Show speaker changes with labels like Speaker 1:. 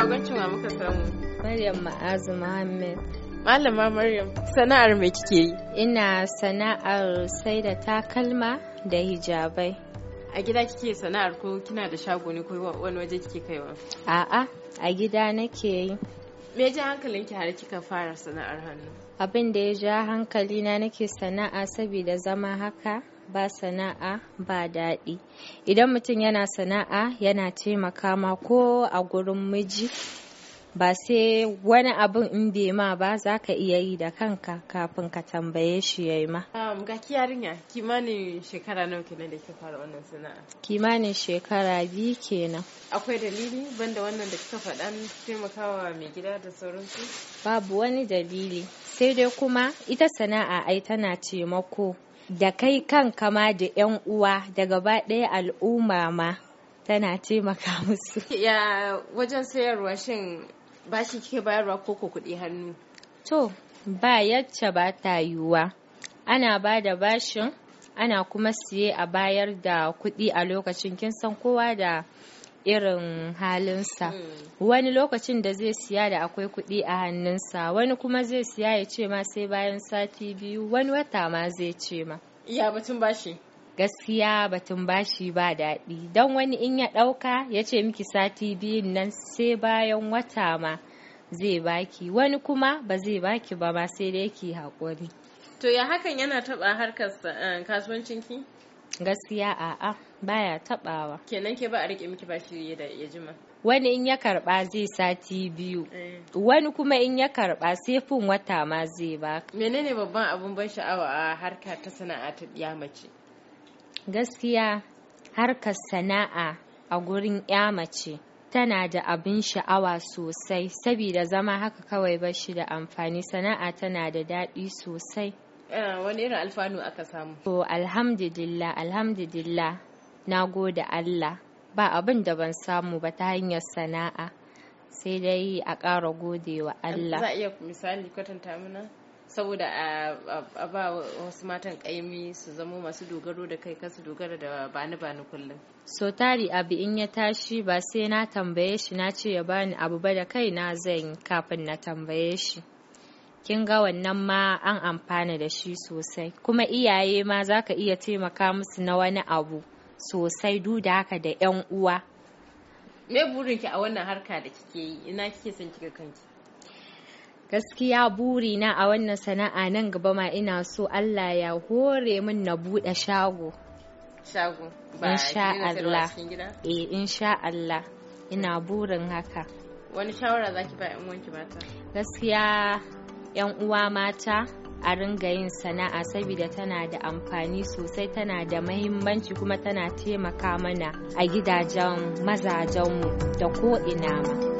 Speaker 1: bagoncin wa muka samu. Maryam Ma'azu Muhammad. Malama Maryam, sana'ar me kike yi? Ina sana'ar sai da takalma da hijabai.
Speaker 2: A gida kike sana'ar ko kina da shago ne ko wani waje kike
Speaker 1: kaiwa? A'a, a gida nake yi. Me ji ki har kika fara sana'ar hannu? Abin da ya ja hankali na, nake sana'a saboda zama haka. ba sana'a ba daɗi idan mutum yana sana'a yana taimaka ma ko a gurin miji ba sai wani abin in bai ma ba za ka iya yi da kanka kafin ka tambaye shi ya yi ma.
Speaker 2: Um, ga kiyarinya yarinya kimanin shekara nawa kenan da ke fara wannan sana'a?
Speaker 1: Kimanin shekara biyu kenan.
Speaker 2: Akwai dalili banda wannan da kika faɗa taimakawa mai gida da sauransu?
Speaker 1: Babu wani dalili sai dai kuma ita sana'a ai tana taimako da kai kanka ma da 'yan uwa da gaba ɗaya al'umma ma tana taimaka musu.
Speaker 2: Ya wajen sayarwa shin bashi kike bayarwa ko ko kuɗi hannu
Speaker 1: to ba yacce ba ta yiwuwa ana ba da bashin ana kuma siye a bayar da kuɗi a lokacin kin san kowa da irin halinsa mm. wani lokacin da zai siya da akwai kuɗi a hannunsa wani kuma zai siya ya ce ma sai bayan sati biyu wani wata ma zai ce ma iya batun bashi gaskiya batun bashi ba daɗi don wani in ya ɗauka ya ce miki sati biyun nan sai bayan wata ma zai baki wani kuma ba zai baki ba ma sai dai ki haƙuri
Speaker 2: to ya hakan yana taɓa harkar eh, kasuwancinki
Speaker 1: gaskiya a'a baya taɓawa
Speaker 2: kenan ke ba a riƙe miki bashi ya jima
Speaker 1: wani in ya karɓa zai sati biyu eh. wani kuma in ya karɓa sai fin wata ma zai ba menene babban abun ban sha'awa a harka ta sana'a ta mace gaskiya harkar sana'a a gurin ya mace tana da abin sha'awa sosai saboda zama haka kawai ba shi da amfani sana'a tana da daɗi sosai
Speaker 2: eh, wani irin alfanu aka samu
Speaker 1: to alhamdulillah alhamdulillah na gode allah ba abin da ban samu ba ta hanyar sana'a sai dai a ƙara gode wa allah za a
Speaker 2: iya misali kwatanta mana saboda a ba wasu matan kaimi su zamo masu dogaro da kai kasu dogara da bani bani kullum
Speaker 1: so tari abu in ya tashi ba sai na tambaye shi na ce ya bani abu ba da kai na zan kafin na tambaye shi kin ga wannan ma an amfana da shi sosai kuma iyaye ma za ka iya taimaka musu na wani abu sosai duk da haka da yan uwa me
Speaker 2: burinki a wannan harka da kike yi ina kike son kika kanki
Speaker 1: gaskiya buri na a wannan sana'a nan gaba ma ina so Allah ya hore min na buɗe shago
Speaker 2: shago ba insha Allah
Speaker 1: eh insha Allah ina burin haka
Speaker 2: wani shawara zaki ba yan uwanki mata
Speaker 1: gaskiya yan uwa mata a ringa yin sana'a saboda tana da amfani sosai tana da mahimmanci kuma tana taimaka mana a gidajen mazajenmu da ko ina ma.